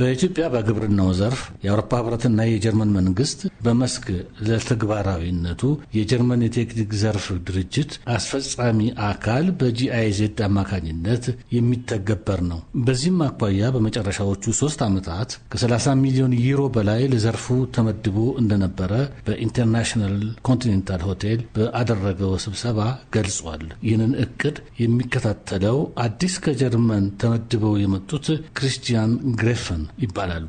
በኢትዮጵያ በግብርናው ዘርፍ የአውሮፓ ህብረትና የጀርመን መንግስት በመስክ ለተግባራዊነቱ የጀርመን የቴክኒክ ዘርፍ ድርጅት አስፈጻሚ አካል በጂአይዜድ አማካኝነት የሚተገበር ነው። በዚህም አኳያ በመጨረሻዎቹ ሶስት ዓመታት ከ30 ሚሊዮን ዩሮ በላይ ለዘርፉ ተመድቦ እንደነበረ በኢንተርናሽናል ኮንቲኔንታል ሆቴል በአደረገው ስብሰባ ገልጿል። ይህንን እቅድ የሚከታተለው አዲስ ከጀርመን ተመድበው የመጡት ክሪስቲያን ግሬፈን ይባላሉ።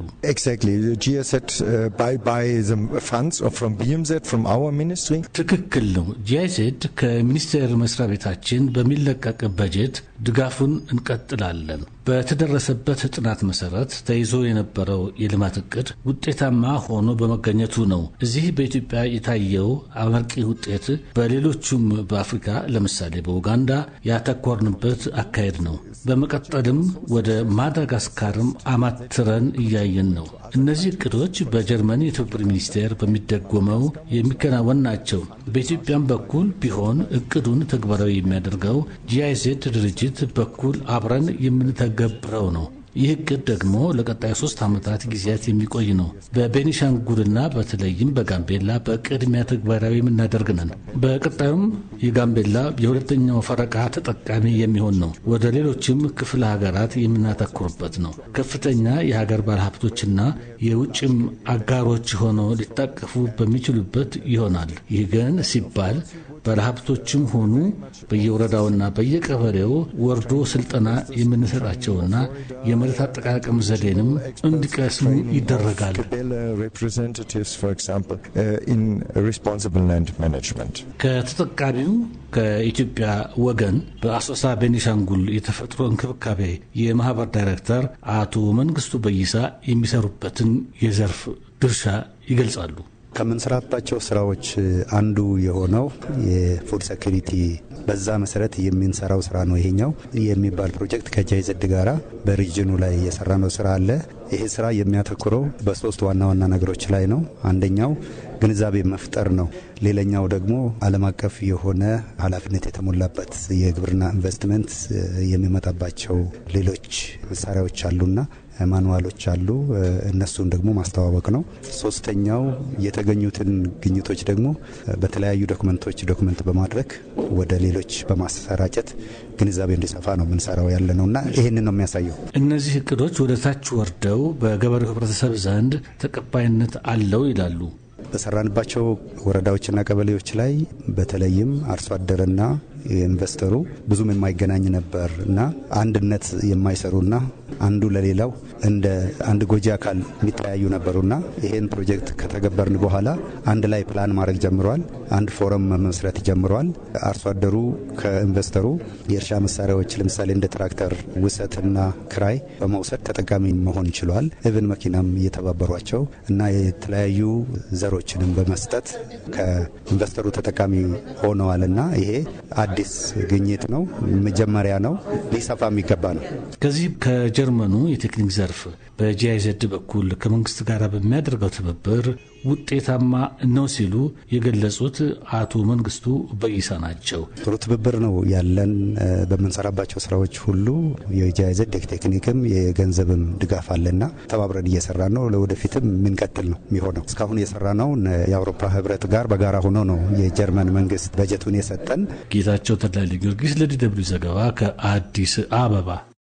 ትክክል ነው። ጂአይዜድ ከሚኒስቴር መስሪያ ቤታችን በሚለቀቅ በጀት ድጋፉን እንቀጥላለን። በተደረሰበት ጥናት መሰረት ተይዞ የነበረው የልማት እቅድ ውጤታማ ሆኖ በመገኘቱ ነው እዚህ በኢትዮጵያ የታየው አመርቂ ውጤት በሌሎቹም በአፍሪካ ለምሳሌ በኡጋንዳ ያተኮርንበት አካሄድ ነው። በመቀጠልም ወደ ማዳጋስካርም አማትረን እያየን ነው። እነዚህ እቅዶች በጀርመን የትብብር ሚኒስቴር በሚደጎመው የሚከናወን ናቸው። በኢትዮጵያም በኩል ቢሆን እቅዱን ተግባራዊ የሚያደርገው ጂአይዜድ ድርጅት በኩል አብረን የምንተገብረው ነው። ይህ እቅድ ደግሞ ለቀጣይ ሶስት ዓመታት ጊዜያት የሚቆይ ነው። በቤኒሻንጉልና በተለይም በጋምቤላ በቅድሚያ ተግባራዊ የምናደርግ ነን። በቀጣዩም የጋምቤላ የሁለተኛው ፈረቃ ተጠቃሚ የሚሆን ነው። ወደ ሌሎችም ክፍለ ሀገራት የምናተኩርበት ነው። ከፍተኛ የሀገር ባለሀብቶችና የውጭም አጋሮች ሆነው ሊታቀፉ በሚችሉበት ይሆናል። ይህ ግን ሲባል ባለሀብቶችም ሆኑ በየወረዳውና በየቀበሌው ወርዶ ስልጠና የምንሰጣቸውና የመሬት አጠቃቀም ዘዴንም እንዲቀስሙ ይደረጋል። uh, ከተጠቃሚው ከኢትዮጵያ ወገን በአሶሳ ቤኒሻንጉል የተፈጥሮ እንክብካቤ የማህበር ዳይሬክተር አቶ መንግስቱ በይሳ የሚሰሩበትን የዘርፍ ድርሻ ይገልጻሉ። ከምንሰራባቸው ስራዎች አንዱ የሆነው የፉድ ሴኩሪቲ በዛ መሰረት የምንሰራው ስራ ነው ይሄኛው የሚባል ፕሮጀክት ከጃይዘድ ጋራ በሪጅኑ ላይ የሰራነው ስራ አለ። ይሄ ስራ የሚያተኩረው በሶስት ዋና ዋና ነገሮች ላይ ነው። አንደኛው ግንዛቤ መፍጠር ነው። ሌላኛው ደግሞ ዓለም አቀፍ የሆነ ኃላፊነት የተሞላበት የግብርና ኢንቨስትመንት የሚመጣባቸው ሌሎች መሳሪያዎች አሉና ማንዋሎች አሉ። እነሱን ደግሞ ማስተዋወቅ ነው። ሶስተኛው የተገኙትን ግኝቶች ደግሞ በተለያዩ ዶክመንቶች ዶክመንት በማድረግ ወደ ሌሎች በማሰራጨት ግንዛቤ እንዲሰፋ ነው የምንሰራው ያለ ነው እና ይህንን ነው የሚያሳየው። እነዚህ እቅዶች ወደ ታች ወርደው በገበሬው ህብረተሰብ ዘንድ ተቀባይነት አለው ይላሉ። በሰራንባቸው ወረዳዎችና ቀበሌዎች ላይ በተለይም አርሶ አደርና ኢንቨስተሩ ብዙም የማይገናኝ ነበር እና አንድነት የማይሰሩና አንዱ ለሌላው እንደ አንድ ጎጂ አካል የሚተያዩ ነበሩና ይሄን ፕሮጀክት ከተገበርን በኋላ አንድ ላይ ፕላን ማድረግ ጀምረዋል። አንድ ፎረም መመስረት ጀምረዋል። አርሶ አደሩ ከኢንቨስተሩ የእርሻ መሳሪያዎች ለምሳሌ እንደ ትራክተር ውሰትና ክራይ በመውሰድ ተጠቃሚ መሆን ችሏል። እብን መኪናም እየተባበሯቸው እና የተለያዩ ዘሮችንም በመስጠት ከኢንቨስተሩ ተጠቃሚ ሆነዋልና ይሄ አዲስ ግኝት ነው፣ መጀመሪያ ነው፣ ሊሰፋ የሚገባ ነው። ከዚህ ከጀርመኑ የቴክኒክ ዘርፍ በጂአይዘድ በኩል ከመንግስት ጋር በሚያደርገው ትብብር ውጤታማ ነው ሲሉ የገለጹት አቶ መንግስቱ በይሳ ናቸው። ጥሩ ትብብር ነው ያለን በምንሰራባቸው ስራዎች ሁሉ የጃይዘድ ቴክኒክም የገንዘብም ድጋፍ አለና ተባብረን እየሰራ ነው። ለወደፊትም የምንቀጥል ነው የሚሆነው። እስካሁን የሰራ ነው የአውሮፓ ህብረት ጋር በጋራ ሆኖ ነው የጀርመን መንግስት በጀቱን የሰጠን። ጌታቸው ተድላ ጊዮርጊስ ለዲ ደብልዩ ዘገባ ከአዲስ አበባ